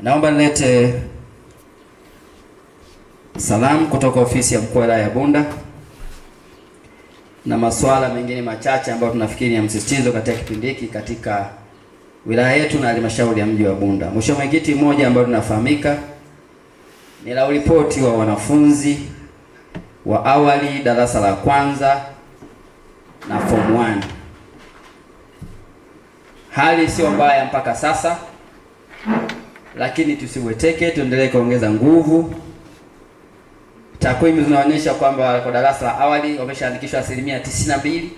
Naomba nilete salamu kutoka ofisi ya mkuu wa wilaya ya Bunda na masuala mengine machache ambayo tunafikiri ya msisitizo katika kipindi hiki katika wilaya yetu na halmashauri ya mji wa Bunda. Mheshimiwa mwenyekiti, mmoja ambayo tunafahamika ni la uripoti wa wanafunzi wa awali darasa la kwanza na form 1. Hali sio mbaya mpaka sasa lakini tusiweteke, tuendelee kuongeza nguvu. Takwimu zinaonyesha kwamba kwa darasa la awali wameshaandikishwa asilimia tisini na mbili,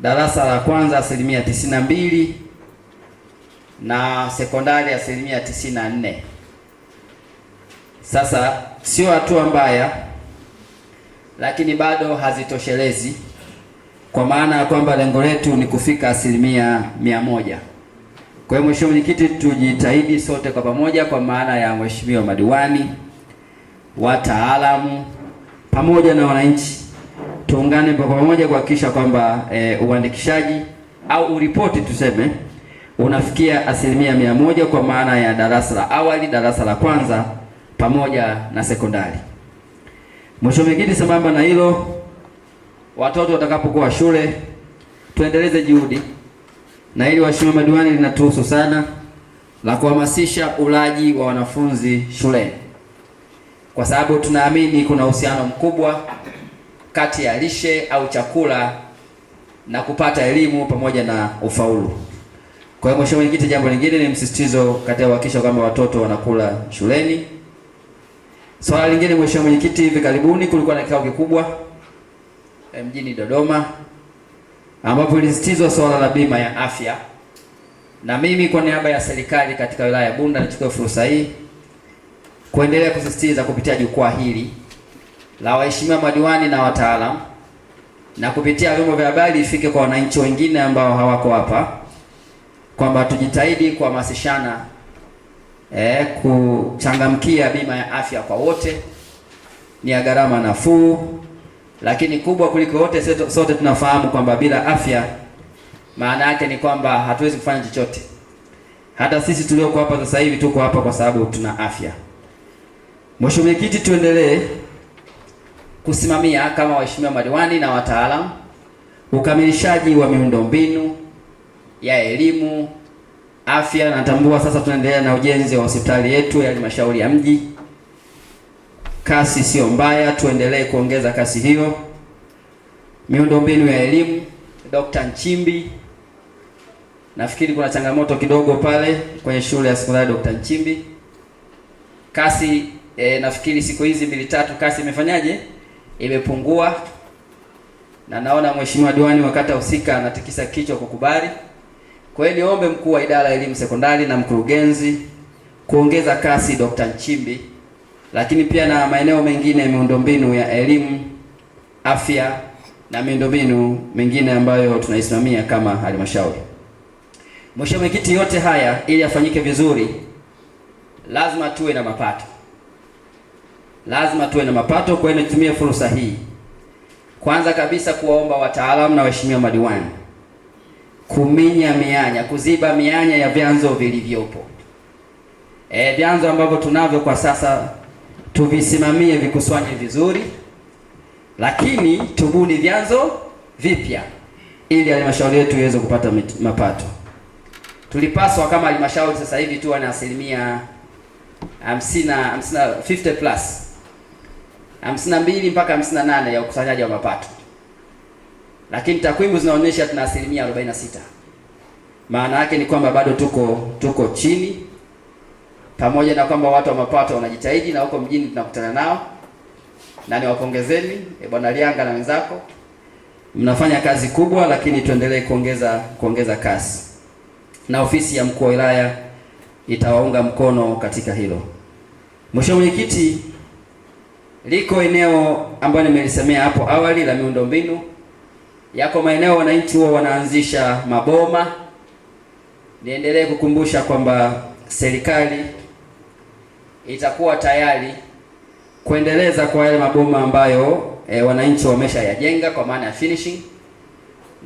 darasa la kwanza asilimia tisini na mbili na sekondari asilimia tisini na nne. Sasa sio hatua mbaya, lakini bado hazitoshelezi, kwa maana ya kwamba lengo letu ni kufika asilimia mia moja. Kwa hiyo Mheshimiwa Mwenyekiti, tujitahidi sote kwa pamoja, kwa maana ya mheshimiwa madiwani, wataalamu pamoja na wananchi, tuungane kwa pamoja kuhakikisha kwamba e, uandikishaji au uripoti tuseme unafikia asilimia mia moja kwa maana ya darasa la awali, darasa la kwanza pamoja na sekondari. Mheshimiwa Mwenyekiti, sambamba na hilo, watoto watakapokuwa shule tuendeleze juhudi na hili waheshimiwa madiwani linatuhusu sana, la kuhamasisha ulaji wa wanafunzi shuleni, kwa sababu tunaamini kuna uhusiano mkubwa kati ya lishe au chakula na kupata elimu pamoja na ufaulu. Kwa hiyo mheshimiwa mwenyekiti, jambo lingine ni msisitizo katika kuhakikisha kwamba watoto wanakula shuleni. Swala lingine mheshimiwa mwenyekiti, hivi karibuni kulikuwa na kikao kikubwa eh, mjini Dodoma ambapo ilisitizwa swala la bima ya afya, na mimi kwa niaba ya serikali katika wilaya ya Bunda nichukue fursa hii kuendelea kusisitiza kupitia jukwaa hili la waheshimiwa madiwani na wataalamu na kupitia vyombo vya habari ifike kwa wananchi wengine ambao hawako hapa kwamba tujitahidi kuhamasishana eh, kuchangamkia bima ya afya kwa wote, ni ya gharama nafuu lakini kubwa kuliko yote, sote tunafahamu kwamba bila afya, maana yake ni kwamba hatuwezi kufanya chochote. Hata sisi tulioko hapa sasa hivi tuko hapa kwa sababu tuna afya. Mheshimiwa Mwenyekiti, tuendelee kusimamia kama waheshimiwa madiwani na wataalamu ukamilishaji wa miundombinu ya elimu, afya. Natambua sasa tunaendelea na ujenzi wa hospitali yetu ya halmashauri ya mji kasi sio mbaya, tuendelee kuongeza kasi hiyo. Miundombinu ya elimu, Dr. Nchimbi, nafikiri kuna changamoto kidogo pale kwenye shule ya sekondari Dr. Nchimbi. Kasi e, nafikiri siku hizi mbili tatu kasi imefanyaje, imepungua, na naona mheshimiwa diwani wakata kata husika anatikisa kichwa kukubali. Kwa hiyo niombe mkuu wa idara ya elimu sekondari na mkurugenzi kuongeza kasi Dr. Nchimbi lakini pia na maeneo mengine ya miundombinu ya elimu, afya na miundombinu mengine ambayo tunaisimamia kama halmashauri. Mheshimiwa Mwenyekiti, yote haya ili yafanyike vizuri, lazima tuwe na mapato, lazima tuwe na mapato. Kwa hiyo nitumie fursa hii kwanza kabisa kuwaomba wataalamu na waheshimiwa madiwani kuminya mianya, kuziba mianya ya vyanzo vilivyopo, e, vyanzo ambavyo tunavyo kwa sasa tuvisimamie vikusanye vizuri, lakini tubuni vyanzo vipya ili halmashauri yetu iweze kupata mapato. Tulipaswa kama halmashauri sasa hivi tuwa na asilimia 50, 50 plus 52 mpaka 58 ya ukusanyaji wa mapato, lakini takwimu zinaonyesha tuna asilimia 46. Maana yake ni kwamba bado tuko tuko chini pamoja na kwamba watu wa mapato wanajitahidi na huko mjini tunakutana nao, na niwapongezeni e bwana Lianga na wenzako, mnafanya kazi kubwa, lakini tuendelee kuongeza kuongeza kasi, na ofisi ya mkuu wa wilaya itawaunga mkono katika hilo. Mheshimiwa Mwenyekiti, liko eneo ambayo nimelisemea hapo awali la miundombinu, yako maeneo wananchi huwa wanaanzisha maboma. Niendelee kukumbusha kwamba serikali itakuwa tayari kuendeleza kwa yale maboma ambayo e, wananchi wameshayajenga kwa maana ya finishing,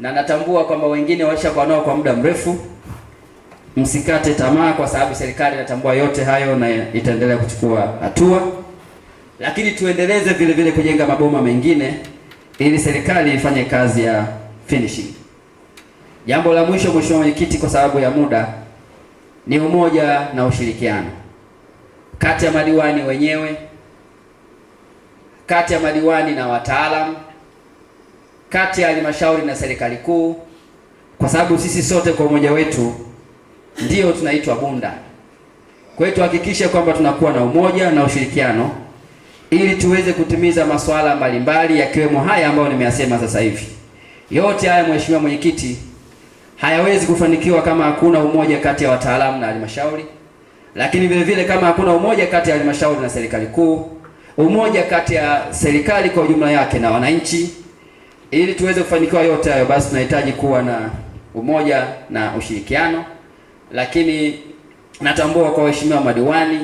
na natambua kwamba wengine nao kwa muda mrefu. Msikate tamaa, kwa sababu serikali inatambua yote hayo na itaendelea kuchukua hatua, lakini tuendeleze vile vile kujenga maboma mengine ili serikali ifanye kazi ya finishing. Jambo la mwisho, Mheshimiwa Mwenyekiti, kwa sababu ya muda, ni umoja na ushirikiano kati ya madiwani wenyewe, kati ya madiwani na wataalamu, kati ya halmashauri na serikali kuu, kwa sababu sisi sote kwa umoja wetu ndio tunaitwa Bunda. Kwa hiyo tuhakikishe kwamba tunakuwa na umoja na ushirikiano ili tuweze kutimiza masuala mbalimbali yakiwemo haya ambayo nimeyasema sasa hivi. Yote haya Mheshimiwa Mwenyekiti, hayawezi kufanikiwa kama hakuna umoja kati ya wataalamu na halmashauri lakini vile vile kama hakuna umoja kati ya halmashauri na serikali kuu, umoja kati ya serikali kwa ujumla yake na wananchi, ili tuweze kufanikiwa yote hayo, basi tunahitaji kuwa na umoja na ushirikiano. Lakini natambua kwa waheshimiwa madiwani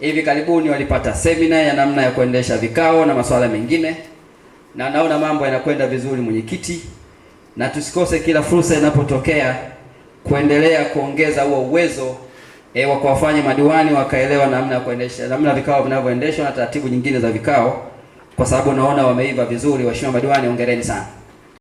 hivi karibuni walipata semina ya namna ya kuendesha vikao na masuala mengine, na naona mambo yanakwenda vizuri, mwenyekiti, na tusikose kila fursa inapotokea kuendelea kuongeza huo uwezo e, kuwafanya madiwani wakaelewa namna ya kuendesha namna vikao vinavyoendeshwa na taratibu nyingine za vikao, kwa sababu naona wameiva vizuri. Waheshimiwa madiwani, ongereni sana.